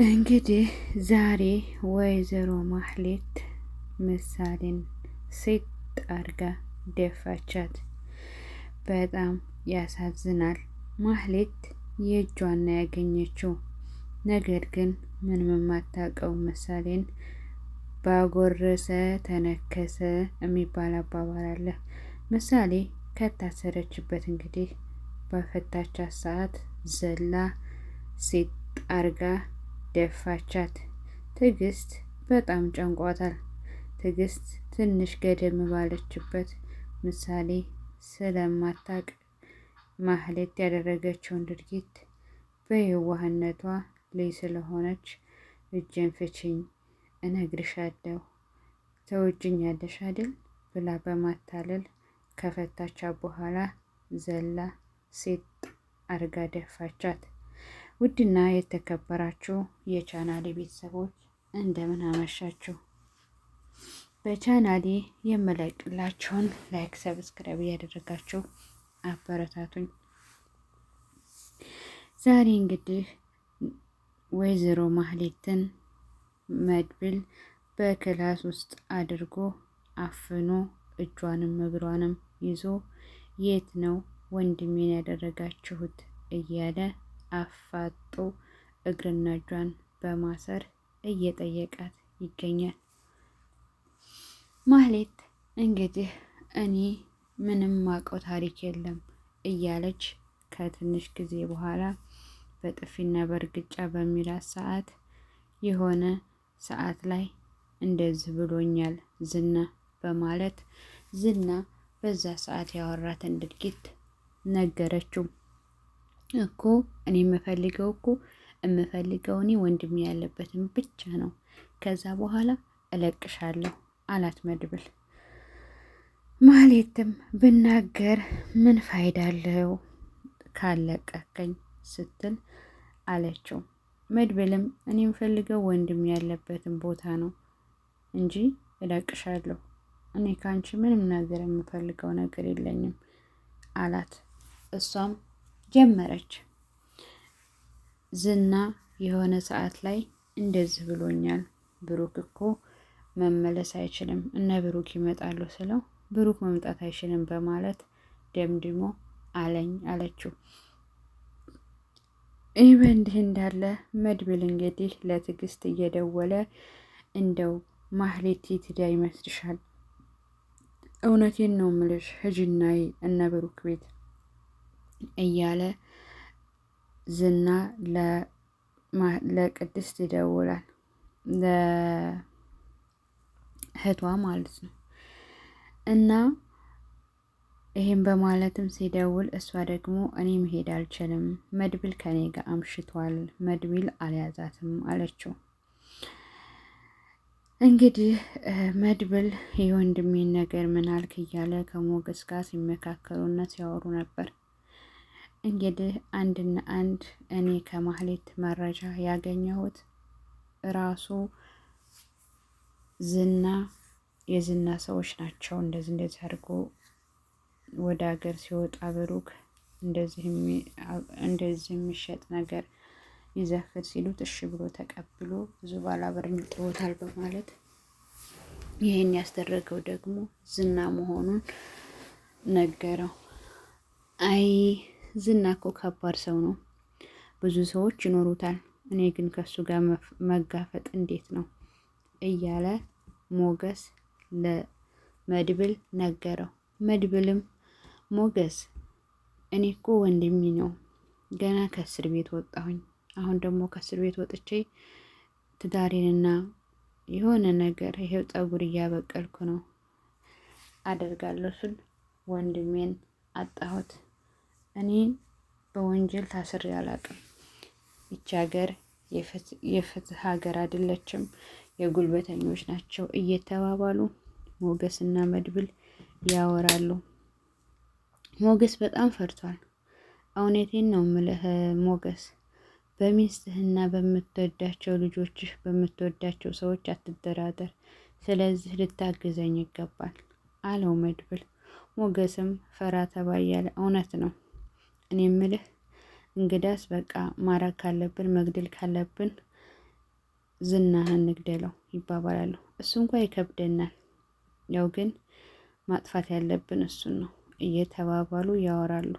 እንግዲህ ዛሬ ወይዘሮ ማህሌት ምሳሌን ሴት አርጋ ደፋቻት። በጣም ያሳዝናል። ማህሌት የእጇና ያገኘችው ነገር ግን ምንም የማታውቀው ምሳሌን ባጎረሰ ተነከሰ የሚባል አባባል አለ። ምሳሌ ከታሰረችበት እንግዲህ በፈታቻት ሰዓት ዘላ ሴት አርጋ ደፋቻት። ትዕግስት በጣም ጨንቋታል። ትዕግስት ትንሽ ገደም ባለችበት ምሳሌ ስለማታቅ ማህሌት ያደረገችውን ድርጊት በየዋህነቷ ልይ ስለሆነች እጄን ፍችኝ እነግርሻለሁ ተወጅኛለሽ አይደል ብላ በማታለል ከፈታቻት በኋላ ዘላ ሴት አርጋ ደፋቻት። ውድና የተከበራችሁ የቻናሌ ቤተሰቦች እንደምን አመሻችሁ። በቻናሌ የመለቅላችሁን ላይክ፣ ሰብስክራይብ እያደረጋችሁ አበረታቱኝ። ዛሬ እንግዲህ ወይዘሮ ማህሌትን መድብል በክላስ ውስጥ አድርጎ አፍኖ እጇንም እግሯንም ይዞ የት ነው ወንድሜን ያደረጋችሁት እያለ አፋጦ እግርና እጇን በማሰር እየጠየቃት ይገኛል። ማህሌት እንግዲህ እኔ ምንም ማቆ ታሪክ የለም እያለች ከትንሽ ጊዜ በኋላ በጥፊና በእርግጫ በሚላት ሰዓት የሆነ ሰዓት ላይ እንደዚህ ብሎኛል ዝና በማለት ዝና በዛ ሰዓት ያወራትን ድርጊት ነገረችው። እኮ እኔ የምፈልገው እኮ የምፈልገው እኔ ወንድሜ ያለበትን ብቻ ነው። ከዛ በኋላ እለቅሻለሁ አላት መድብል። ማሌትም ብናገር ምን ፋይዳ አለው ካለቀቀኝ ስትል አለችው። መድብልም እኔ የምፈልገው ወንድም ያለበትን ቦታ ነው እንጂ እለቅሻለሁ እኔ ከአንቺ ምንም ነገር የምፈልገው ነገር የለኝም አላት እሷም ጀመረች። ዝና የሆነ ሰዓት ላይ እንደዚህ ብሎኛል፣ ብሩክ እኮ መመለስ አይችልም፣ እነ ብሩክ ይመጣሉ ስለው ብሩክ መምጣት አይችልም በማለት ደምድሞ አለኝ አለችው። ይህ በእንዲህ እንዳለ መድብል እንግዲህ ለትዕግስት እየደወለ እንደው ማህሌት የትዳ ይመስልሻል? እውነቴን ነው ምልሽ፣ ህጅናይ እነ ብሩክ ቤት እያለ ዝና ለቅድስት ይደውላል፣ ለእህቷ ማለት ነው። እና ይህም በማለትም ሲደውል እሷ ደግሞ እኔ መሄድ አልችልም፣ መድብል ከኔ ጋር አምሽቷል፣ መድብል አልያዛትም አለችው። እንግዲህ መድብል የወንድሜን ነገር ምናልክ እያለ ከሞገስ ጋር ሲመካከሉና ሲያወሩ ነበር። እንግዲህ አንድና አንድ እኔ ከማህሌት መረጃ ያገኘሁት ራሱ ዝና የዝና ሰዎች ናቸው። እንደዚህ እንደዚህ አድርጎ ወደ ሀገር ሲወጣ ብሩክ እንደዚህ የሚሸጥ ነገር ይዘፍር ሲሉት እሺ ብሎ ተቀብሎ ብዙ ባላበርን ጥሮታል በማለት ይህን ያስደረገው ደግሞ ዝና መሆኑን ነገረው። አይ ዝና እኮ ከባድ ሰው ነው። ብዙ ሰዎች ይኖሩታል። እኔ ግን ከሱ ጋር መጋፈጥ እንዴት ነው እያለ ሞገስ ለመድብል ነገረው። መድብልም ሞገስ እኔ እኮ ወንድሜ ነው። ገና ከእስር ቤት ወጣሁኝ። አሁን ደግሞ ከእስር ቤት ወጥቼ ትዳሬንና የሆነ ነገር ይሄው ጸጉር እያበቀልኩ ነው አደርጋለሁ ስል ወንድሜን አጣሁት። እኔ በወንጀል ታስሬ አላቅም። ይች ሀገር የፍትህ ሀገር አይደለችም፣ የጉልበተኞች ናቸው እየተባባሉ ሞገስና መድብል ያወራሉ። ሞገስ በጣም ፈርቷል። እውነቴን ነው ምልህ ሞገስ፣ በሚስትህና በምትወዳቸው ልጆችህ በምትወዳቸው ሰዎች አትደራደር። ስለዚህ ልታግዘኝ ይገባል አለው መድብል። ሞገስም ፈራ ተባያለ። እውነት ነው እኔ የምልህ እንግዳስ በቃ ማራግ ካለብን መግደል ካለብን ዝናህን እንግደለው ይባባላሉ። እሱ እንኳ ይከብደናል፣ ያው ግን ማጥፋት ያለብን እሱን ነው እየተባባሉ ያወራሉ።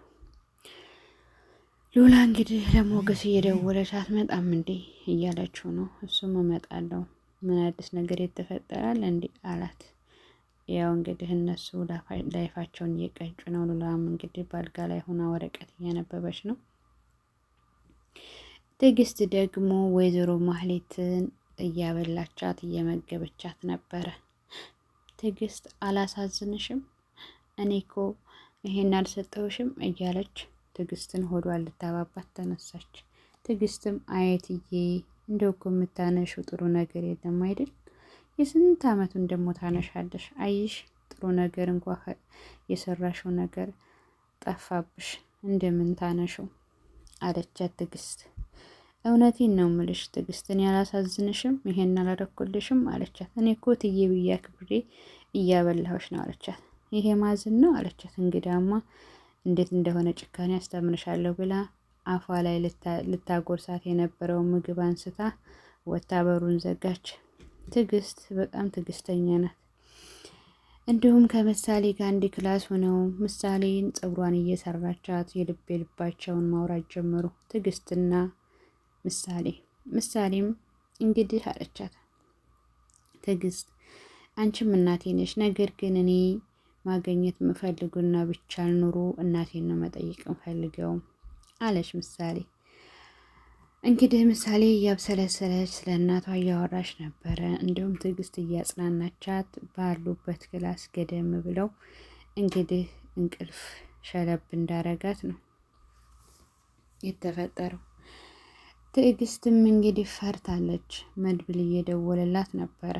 ሉላ እንግዲህ ለሞገስ እየደወለች አትመጣም እንዴ እያለችው ነው። እሱም እመጣለሁ ምን አዲስ ነገር የተፈጠራል እንዴ አላት። ያው እንግዲህ እነሱ ላይፋቸውን እየቀጩ ነው። ሉላም እንግዲህ በአልጋ ላይ ሆና ወረቀት እያነበበች ነው። ትዕግስት ደግሞ ወይዘሮ ማህሌትን እያበላቻት እየመገበቻት ነበረ። ትዕግስት አላሳዝንሽም፣ እኔ ኮ ይሄን አልሰጠውሽም እያለች ትዕግስትን ሆዷ ልታባባት ተነሳች። ትዕግስትም አየትዬ እንደው እኮ የምታነሹ ጥሩ ነገር የለም አይደል የስንት ዓመቱን ደግሞ ታነሻለሽ? አይሽ ጥሩ ነገር እንኳ የሰራሽው ነገር ጠፋብሽ፣ እንደምን ታነሽው አለቻት ትግስት እውነቴን ነው ምልሽ ትግስትን ያላሳዝንሽም ይሄን አላደረኩልሽም አለቻት። እኔ እኮ ትዬ ብያ ክብሬ እያበላሁሽ ነው አለቻት። ይሄ ማዝን ነው አለቻት። እንግዳማ እንዴት እንደሆነ ጭካኔ አስተምርሻለሁ ብላ አፏ ላይ ልታጎርሳት የነበረው ምግብ አንስታ ወታ በሩን ዘጋች። ትዕግስት በጣም ትዕግስተኛ ናት። እንዲሁም ከምሳሌ ጋር አንድ ክላስ ሆነው ምሳሌን ፀጉሯን እየሰራቻት የልብ ልባቸውን ማውራት ጀመሩ። ትዕግስትና ምሳሌ ምሳሌም እንግዲህ አለቻት ትዕግስት አንቺም እናቴ ነሽ። ነገር ግን እኔ ማገኘት የምፈልጉና ብቻ ኑሮ እናቴን ነው መጠየቅ ምፈልገው አለች ምሳሌ እንግዲህ ምሳሌ እያብሰለሰለች ስለ እናቷ እያወራች ነበረ። እንዲሁም ትዕግስት እያጽናናቻት ባሉበት ክላስ ገደም ብለው እንግዲህ እንቅልፍ ሸለብ እንዳረጋት ነው የተፈጠረው። ትዕግስትም እንግዲህ ፈርታለች። መድብል እየደወለላት ነበረ።